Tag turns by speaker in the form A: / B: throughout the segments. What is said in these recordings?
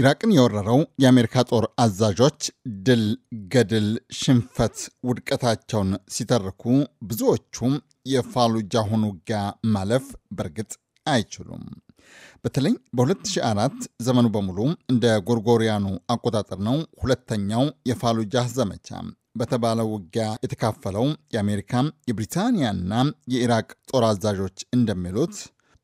A: ኢራቅን የወረረው የአሜሪካ ጦር አዛዦች ድል፣ ገድል፣ ሽንፈት ውድቀታቸውን ሲተርኩ ብዙዎቹም የፋሉጃሁን ውጊያ ማለፍ በእርግጥ አይችሉም። በተለይ በ2004 ዘመኑ በሙሉ እንደ ጎርጎሪያኑ አቆጣጠር ነው። ሁለተኛው የፋሉጃ ዘመቻ በተባለው ውጊያ የተካፈለው የአሜሪካ የብሪታንያና የኢራቅ ጦር አዛዦች እንደሚሉት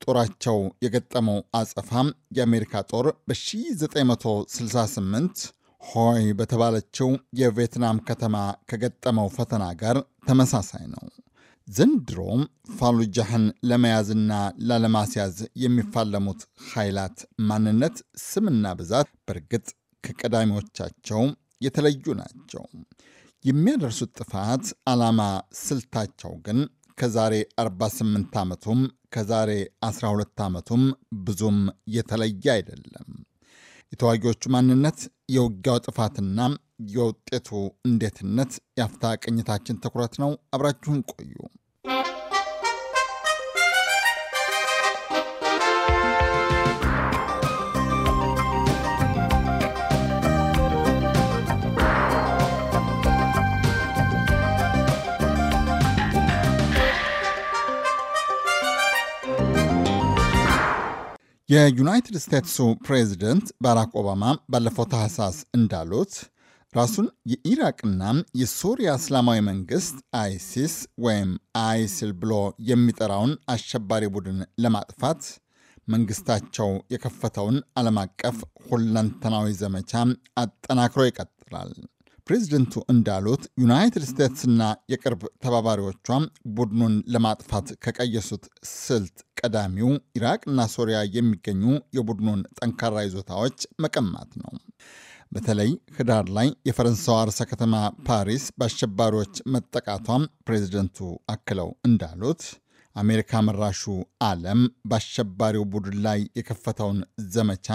A: ጦራቸው የገጠመው አጸፋም የአሜሪካ ጦር በ1968 ሆይ በተባለችው የቪየትናም ከተማ ከገጠመው ፈተና ጋር ተመሳሳይ ነው። ዘንድሮም ፋሉጃህን ለመያዝና ላለማስያዝ የሚፋለሙት ኃይላት ማንነት፣ ስምና ብዛት በእርግጥ ከቀዳሚዎቻቸው የተለዩ ናቸው። የሚያደርሱት ጥፋት፣ ዓላማ፣ ስልታቸው ግን ከዛሬ 48 ዓመቱም ከዛሬ 12 ዓመቱም ብዙም የተለየ አይደለም። የተዋጊዎቹ ማንነት፣ የውጊያው ጥፋትና የውጤቱ እንዴትነት የአፍታ ቅኝታችን ትኩረት ነው። አብራችሁን ቆዩ። የዩናይትድ ስቴትሱ ፕሬዚደንት ባራክ ኦባማ ባለፈው ታህሳስ እንዳሉት ራሱን የኢራቅና የሶሪያ እስላማዊ መንግስት አይሲስ ወይም አይሲል ብሎ የሚጠራውን አሸባሪ ቡድን ለማጥፋት መንግስታቸው የከፈተውን ዓለም አቀፍ ሁለንተናዊ ዘመቻ አጠናክሮ ይቀጥላል። ፕሬዚደንቱ እንዳሉት ዩናይትድ ስቴትስና የቅርብ ተባባሪዎቿ ቡድኑን ለማጥፋት ከቀየሱት ስልት ቀዳሚው ኢራቅና ሶሪያ የሚገኙ የቡድኑን ጠንካራ ይዞታዎች መቀማት ነው። በተለይ ህዳር ላይ የፈረንሳዋ ርዕሰ ከተማ ፓሪስ በአሸባሪዎች መጠቃቷም ፕሬዚደንቱ አክለው እንዳሉት አሜሪካ መራሹ ዓለም በአሸባሪው ቡድን ላይ የከፈተውን ዘመቻ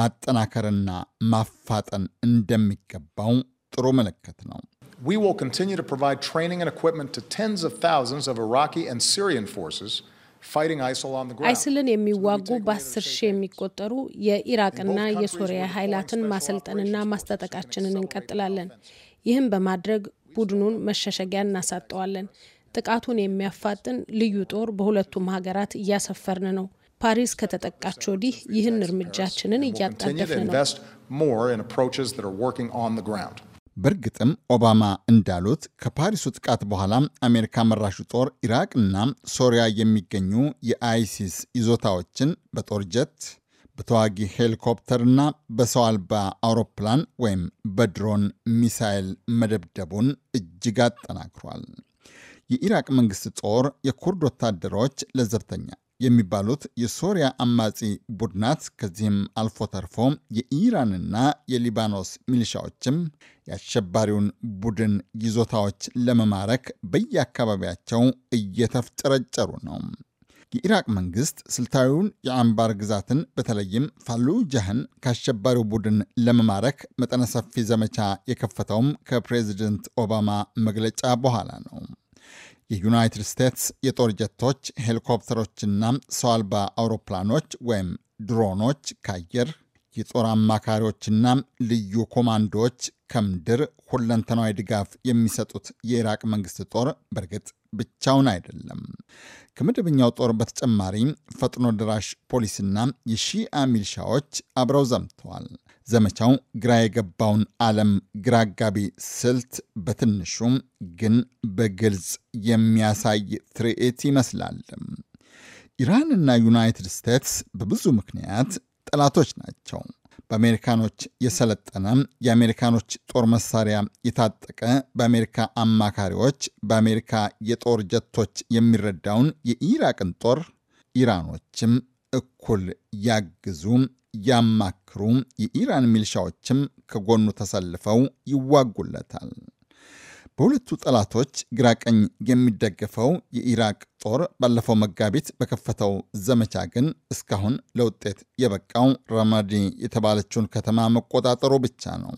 A: ማጠናከርና ማፋጠን እንደሚገባው ጥሩ ምልክት ነው። We will continue to provide training and equipment to tens of thousands of Iraqi and Syrian forces አይስልን የሚዋጉ በአስር ሺህ የሚቆጠሩ የኢራቅና የሶሪያ ኃይላትን ማሰልጠንና ማስታጠቃችንን እንቀጥላለን። ይህም በማድረግ ቡድኑን መሸሸጊያ እናሳጠዋለን። ጥቃቱን የሚያፋጥን ልዩ ጦር በሁለቱም ሀገራት እያሰፈርን ነው። ፓሪስ ከተጠቃች ወዲህ ይህን እርምጃችንን እያጣደፍን ነው። በእርግጥም ኦባማ እንዳሉት ከፓሪሱ ጥቃት በኋላ አሜሪካ መራሹ ጦር ኢራቅና ሶሪያ የሚገኙ የአይሲስ ይዞታዎችን በጦር ጀት በተዋጊ ሄሊኮፕተርና በሰው አልባ አውሮፕላን ወይም በድሮን ሚሳይል መደብደቡን እጅግ አጠናክሯል። የኢራቅ መንግሥት ጦር የኩርድ ወታደሮች ለዘብተኛ የሚባሉት የሶሪያ አማጺ ቡድናት ከዚህም አልፎ ተርፎ የኢራንና የሊባኖስ ሚሊሻዎችም የአሸባሪውን ቡድን ይዞታዎች ለመማረክ በየአካባቢያቸው እየተፍጨረጨሩ ነው። የኢራቅ መንግስት ስልታዊውን የአንባር ግዛትን በተለይም ፋሉጃህን ከአሸባሪው ቡድን ለመማረክ መጠነ ሰፊ ዘመቻ የከፈተውም ከፕሬዚደንት ኦባማ መግለጫ በኋላ ነው። የዩናይትድ ስቴትስ የጦር ጀቶች፣ ሄሊኮፕተሮችና ሰው አልባ አውሮፕላኖች ወይም ድሮኖች ከአየር የጦር አማካሪዎችና ልዩ ኮማንዶዎች ከምድር ሁለንተናዊ ድጋፍ የሚሰጡት የኢራቅ መንግስት ጦር በእርግጥ ብቻውን አይደለም። ከመደበኛው ጦር በተጨማሪ ፈጥኖ ደራሽ ፖሊስና የሺአ ሚልሻዎች አብረው ዘምተዋል። ዘመቻው ግራ የገባውን ዓለም ግራጋቢ ስልት በትንሹም ግን በግልጽ የሚያሳይ ትርኢት ይመስላል። ኢራንና ዩናይትድ ስቴትስ በብዙ ምክንያት ጠላቶች ናቸው። በአሜሪካኖች የሰለጠነ የአሜሪካኖች ጦር መሳሪያ የታጠቀ በአሜሪካ አማካሪዎች በአሜሪካ የጦር ጀቶች የሚረዳውን የኢራቅን ጦር ኢራኖችም እኩል ያግዙ ያማክሩ፣ የኢራን ሚልሻዎችም ከጎኑ ተሰልፈው ይዋጉለታል። በሁለቱ ጠላቶች ግራ ቀኝ የሚደገፈው የኢራቅ ጦር ባለፈው መጋቢት በከፈተው ዘመቻ ግን እስካሁን ለውጤት የበቃው ረመዲ የተባለችውን ከተማ መቆጣጠሩ ብቻ ነው።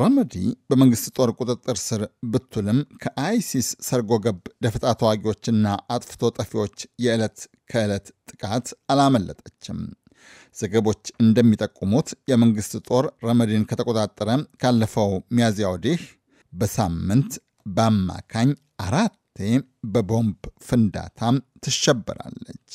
A: ረመዲ በመንግሥት ጦር ቁጥጥር ስር ብትልም ከአይሲስ ሰርጎ ገብ ደፈጣ ተዋጊዎችና አጥፍቶ ጠፊዎች የዕለት ከዕለት ጥቃት አላመለጠችም። ዘገቦች እንደሚጠቁሙት የመንግሥት ጦር ረመዲን ከተቆጣጠረ ካለፈው ሚያዝያ ወዲህ በሳምንት በአማካኝ አራቴ በቦምብ ፍንዳታ ትሸበራለች።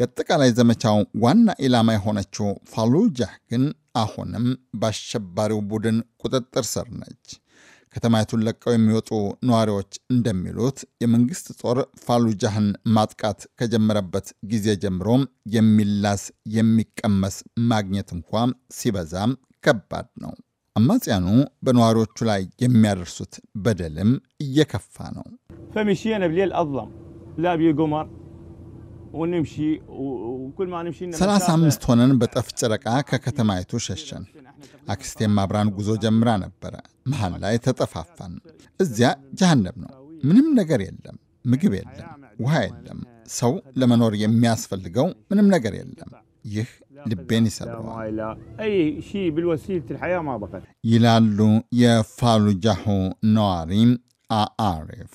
A: የአጠቃላይ ዘመቻው ዋና ኢላማ የሆነችው ፋሉጃህ ግን አሁንም በአሸባሪው ቡድን ቁጥጥር ስር ነች። ከተማይቱን ለቀው የሚወጡ ነዋሪዎች እንደሚሉት የመንግስት ጦር ፋሉጃህን ማጥቃት ከጀመረበት ጊዜ ጀምሮ የሚላስ የሚቀመስ ማግኘት እንኳ ሲበዛ ከባድ ነው። አማጽያኑ በነዋሪዎቹ ላይ የሚያደርሱት በደልም እየከፋ ነው። ሰላሳ አምስት ሆነን በጠፍ ጨረቃ ከከተማይቱ ሸሸን። አክስቴም አብራን ጉዞ ጀምራ ነበረ። መሃል ላይ ተጠፋፋን። እዚያ ጀሃነም ነው። ምንም ነገር የለም። ምግብ የለም፣ ውሃ የለም። ሰው ለመኖር የሚያስፈልገው ምንም ነገር የለም። ይህ ልቤን ይሰብረዋል ይላሉ የፋሉጃሁ ነዋሪ አአሪፍ።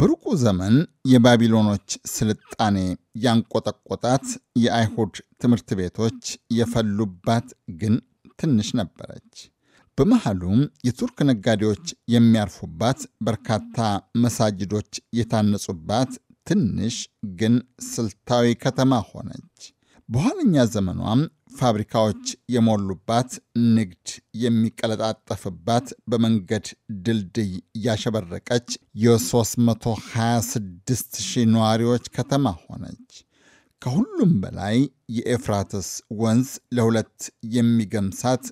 A: በሩቁ ዘመን የባቢሎኖች ስልጣኔ ያንቆጠቆጣት የአይሁድ ትምህርት ቤቶች የፈሉባት ግን ትንሽ ነበረች። በመሃሉም የቱርክ ነጋዴዎች የሚያርፉባት በርካታ መሳጅዶች የታነጹባት ትንሽ ግን ስልታዊ ከተማ ሆነች። በኋለኛ ዘመኗም ፋብሪካዎች የሞሉባት፣ ንግድ የሚቀለጣጠፍባት፣ በመንገድ ድልድይ ያሸበረቀች የ326 ሺህ ነዋሪዎች ከተማ ሆነች። ከሁሉም በላይ የኤፍራትስ ወንዝ ለሁለት የሚገምሳት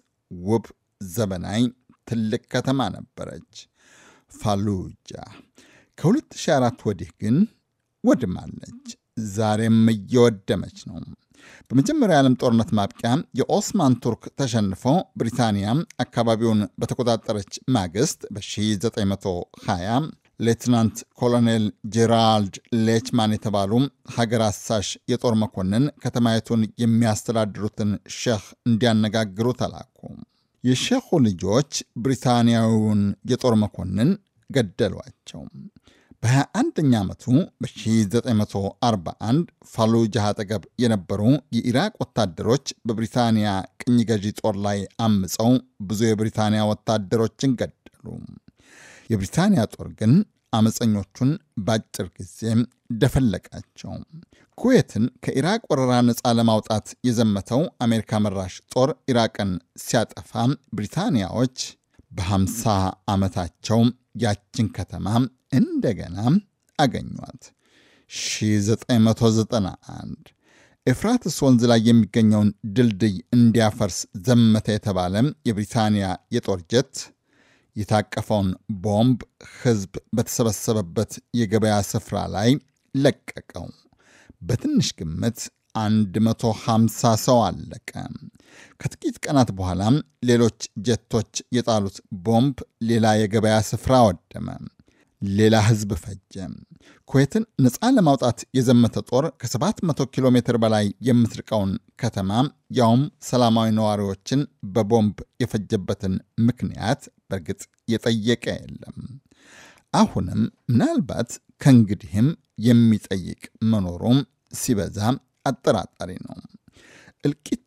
A: ውብ ዘመናይ ትልቅ ከተማ ነበረች ፋሉጃ። ከ2004 ወዲህ ግን ወድማለች። ዛሬም እየወደመች ነው። በመጀመሪያ የዓለም ጦርነት ማብቂያ የኦስማን ቱርክ ተሸንፎ ብሪታንያ አካባቢውን በተቆጣጠረች ማግስት በ1920 ሌትናንት ኮሎኔል ጄራልድ ሌችማን የተባሉ ሀገር አሳሽ የጦር መኮንን ከተማይቱን የሚያስተዳድሩትን ሼህ እንዲያነጋግሩ ተላኩ። የሼሁ ልጆች ብሪታንያዊውን የጦር መኮንን ገደሏቸው። በ21ኛ ዓመቱ በ1941 ፋሉጃ አጠገብ የነበሩ የኢራቅ ወታደሮች በብሪታንያ ቅኝ ገዢ ጦር ላይ አምፀው ብዙ የብሪታንያ ወታደሮችን ገደሉ። የብሪታንያ ጦር ግን አመፀኞቹን በአጭር ጊዜ ደፈለቃቸው። ኩዌትን ከኢራቅ ወረራ ነፃ ለማውጣት የዘመተው አሜሪካ መራሽ ጦር ኢራቅን ሲያጠፋ ብሪታንያዎች በ50 ዓመታቸው ያችን ከተማ እንደገና አገኟት። 1991 ኤፍራትስ ወንዝ ላይ የሚገኘውን ድልድይ እንዲያፈርስ ዘመተ የተባለ የብሪታንያ የጦር ጀት የታቀፈውን ቦምብ ህዝብ በተሰበሰበበት የገበያ ስፍራ ላይ ለቀቀው። በትንሽ ግምት 150 ሰው አለቀ። ከጥቂት ቀናት በኋላም ሌሎች ጀቶች የጣሉት ቦምብ ሌላ የገበያ ስፍራ ወደመ። ሌላ ህዝብ ፈጀ። ኩዌትን ነፃ ለማውጣት የዘመተ ጦር ከ700 ኪሎ ሜትር በላይ የምትርቀውን ከተማ ያውም ሰላማዊ ነዋሪዎችን በቦምብ የፈጀበትን ምክንያት በእርግጥ የጠየቀ የለም። አሁንም ምናልባት ከእንግዲህም የሚጠይቅ መኖሩም ሲበዛ አጠራጣሪ ነው። እልቂት፣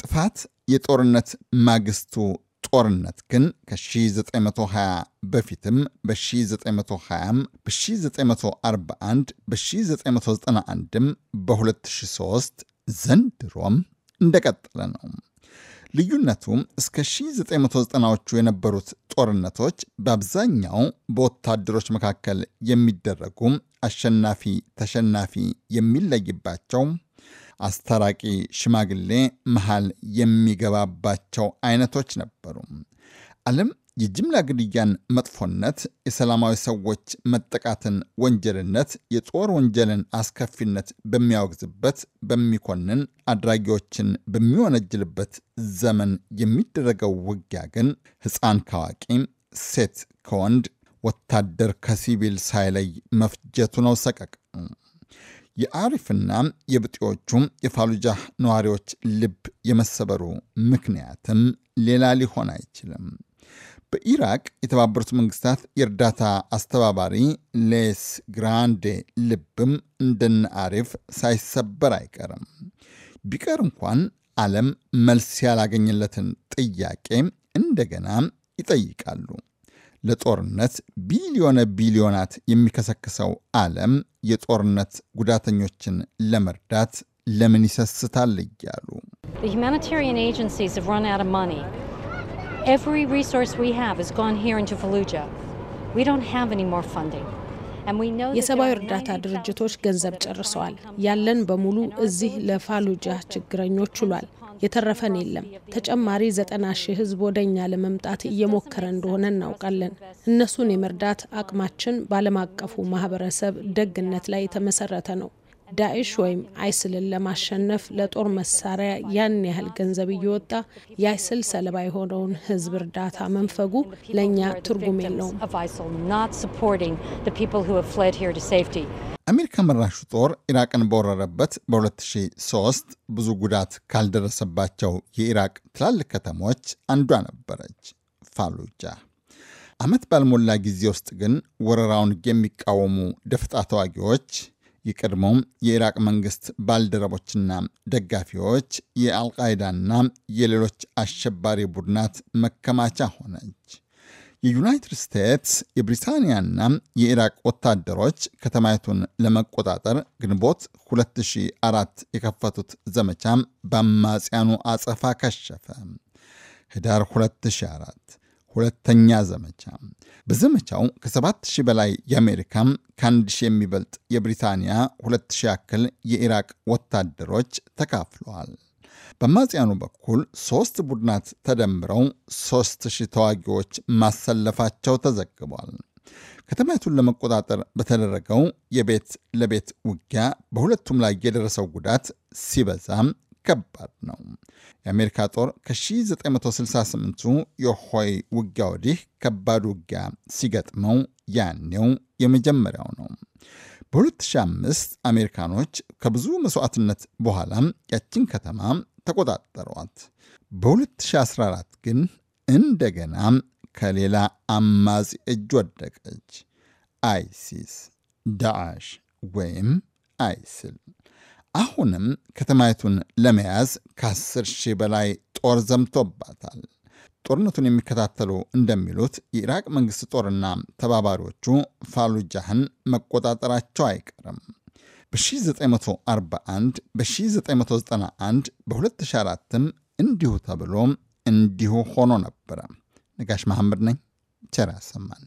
A: ጥፋት የጦርነት ማግስቱ ጦርነት ግን ከ1920 በፊትም በ 1920 በ1941 በ1991ም በ2003 ዘንድሮም እንደቀጠለ ነው። ልዩነቱ እስከ 1990ዎቹ የነበሩት ጦርነቶች በአብዛኛው በወታደሮች መካከል የሚደረጉ አሸናፊ ተሸናፊ የሚለይባቸው አስታራቂ ሽማግሌ መሃል የሚገባባቸው አይነቶች ነበሩ። ዓለም የጅምላ ግድያን መጥፎነት፣ የሰላማዊ ሰዎች መጠቃትን ወንጀልነት፣ የጦር ወንጀልን አስከፊነት በሚያወግዝበት በሚኮንን አድራጊዎችን በሚወነጅልበት ዘመን የሚደረገው ውጊያ ግን ሕፃን ካዋቂ፣ ሴት ከወንድ፣ ወታደር ከሲቪል ሳይለይ መፍጀቱ ነው ሰቀቅ የአሪፍና የብጤዎቹም የፋሉጃ ነዋሪዎች ልብ የመሰበሩ ምክንያትም ሌላ ሊሆን አይችልም። በኢራቅ የተባበሩት መንግስታት የእርዳታ አስተባባሪ ሌስ ግራንዴ ልብም እንደነ አሪፍ ሳይሰበር አይቀርም። ቢቀር እንኳን ዓለም መልስ ያላገኘለትን ጥያቄ እንደገና ይጠይቃሉ። ለጦርነት ቢሊዮነ ቢሊዮናት የሚከሰክሰው ዓለም የጦርነት ጉዳተኞችን ለመርዳት ለምን ይሰስታል እያሉ የሰብአዊ እርዳታ ድርጅቶች ገንዘብ ጨርሰዋል። ያለን በሙሉ እዚህ ለፋሉጃ ችግረኞች ውሏል። የተረፈን የለም። ተጨማሪ ዘጠና ሺህ ህዝብ ወደ እኛ ለመምጣት እየሞከረ እንደሆነ እናውቃለን። እነሱን የመርዳት አቅማችን በዓለም አቀፉ ማህበረሰብ ደግነት ላይ የተመሰረተ ነው። ዳኤሽ ወይም አይስልን ለማሸነፍ ለጦር መሳሪያ ያን ያህል ገንዘብ እየወጣ የአይስል ሰለባ የሆነውን ሕዝብ እርዳታ መንፈጉ ለእኛ ትርጉም የለውም። አሜሪካ መራሹ ጦር ኢራቅን በወረረበት በ2003 ብዙ ጉዳት ካልደረሰባቸው የኢራቅ ትላልቅ ከተሞች አንዷ ነበረች ፋሉጃ። ዓመት ባልሞላ ጊዜ ውስጥ ግን ወረራውን የሚቃወሙ ደፍጣ ተዋጊዎች የቀድሞም የኢራቅ መንግስት ባልደረቦችና ደጋፊዎች የአልቃይዳና የሌሎች አሸባሪ ቡድናት መከማቻ ሆነች። የዩናይትድ ስቴትስ የብሪታንያና የኢራቅ ወታደሮች ከተማይቱን ለመቆጣጠር ግንቦት 2004 የከፈቱት ዘመቻ በአማጽያኑ አጸፋ ከሸፈ። ህዳር 2004 ሁለተኛ ዘመቻ። በዘመቻው ከ7000 በላይ የአሜሪካ ከ1000 የሚበልጥ የብሪታንያ 2000 ያክል የኢራቅ ወታደሮች ተካፍለዋል። በአማጽያኑ በኩል ሦስት ቡድናት ተደምረው ሦስት ሺህ ተዋጊዎች ማሰለፋቸው ተዘግቧል። ከተማይቱን ለመቆጣጠር በተደረገው የቤት ለቤት ውጊያ በሁለቱም ላይ የደረሰው ጉዳት ሲበዛም ከባድ ነው። የአሜሪካ ጦር ከ1968ቱ የሆይ ውጊያ ወዲህ ከባድ ውጊያ ሲገጥመው ያኔው የመጀመሪያው ነው። በ2005 አሜሪካኖች ከብዙ መስዋዕትነት በኋላ ያችን ከተማ ተቆጣጠሯት። በ2014 ግን እንደገና ከሌላ አማጺ እጅ ወደቀች። አይሲስ ዳዓሽ ወይም አይስል አሁንም ከተማይቱን ለመያዝ ከ10 ሺህ በላይ ጦር ዘምቶባታል። ጦርነቱን የሚከታተሉ እንደሚሉት የኢራቅ መንግሥት ጦርና ተባባሪዎቹ ፋሉጃህን መቆጣጠራቸው አይቀርም። በ1941 በ1991 በ2004ም እንዲሁ ተብሎ እንዲሁ ሆኖ ነበረ። ነጋሽ መሐመድ ነኝ። ቸር ያሰማን።